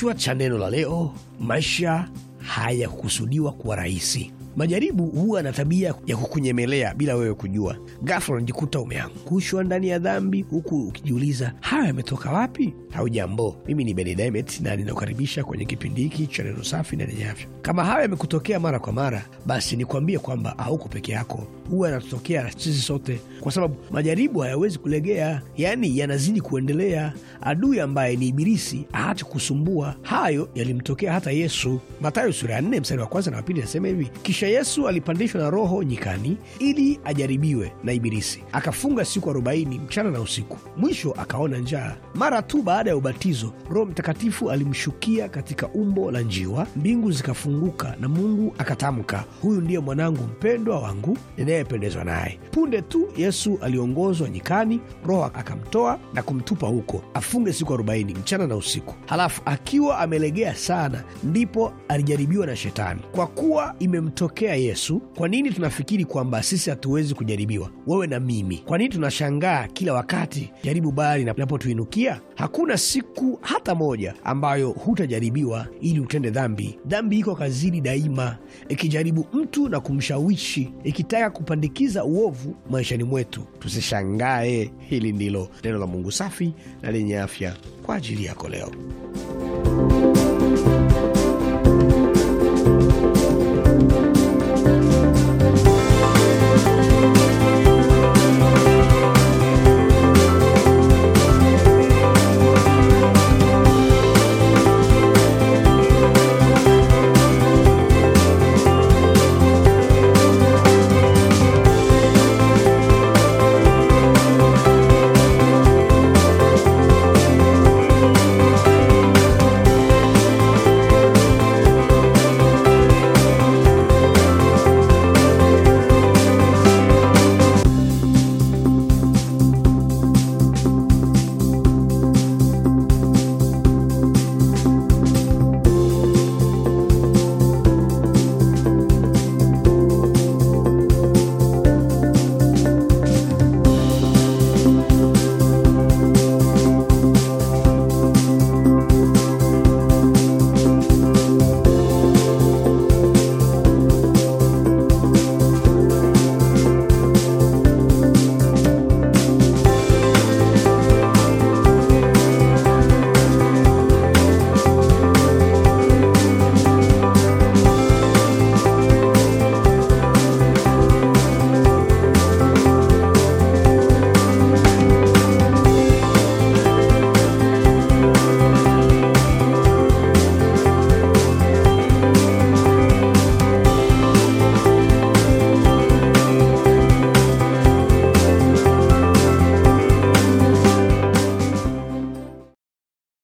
Kichwa cha neno la leo: maisha hayakusudiwa kuwa rahisi. Majaribu huwa na tabia ya kukunyemelea bila wewe kujua. Ghafla unajikuta umeangushwa ndani ya dhambi, huku ukijiuliza haya yametoka wapi? Haujambo, mimi ni Beni Dimet na ninakukaribisha kwenye kipindi hiki cha neno safi na lenye afya. Kama haya yamekutokea mara kwa mara, basi nikuambie kwamba hauko peke yako, huwa yanatutokea sisi sote, kwa sababu majaribu hayawezi kulegea, yaani yanazidi kuendelea. Adui ambaye ni Ibilisi haachi kusumbua. Hayo yalimtokea hata Yesu. Mathayo sura ya 4 mstari wa kwanza na wa pili nasema hivi: kisha Yesu alipandishwa na Roho nyikani ili ajaribiwe na Ibilisi, akafunga siku arobaini mchana na usiku, mwisho akaona njaa. Mara tu baada ya ubatizo, Roho Mtakatifu alimshukia katika umbo la njiwa, mbingu zikafunguka na Mungu akatamka, huyu ndiye mwanangu mpendwa wangu ninayependezwa naye. Punde tu Yesu aliongozwa nyikani, Roho akamtoa na kumtupa huko afunge siku arobaini mchana na usiku. Halafu akiwa amelegea sana, ndipo alijaribiwa na Shetani kwa kuwa imemto tunampokea Yesu, kwa nini tunafikiri kwamba sisi hatuwezi kujaribiwa, wewe na mimi? Kwa nini tunashangaa kila wakati jaribu bali linapotuinukia? Hakuna siku hata moja ambayo hutajaribiwa ili utende dhambi. Dhambi iko kazini daima, ikijaribu mtu na kumshawishi, ikitaka kupandikiza uovu maishani mwetu. Tusishangae. Hili ndilo neno la Mungu safi na lenye afya kwa ajili yako leo.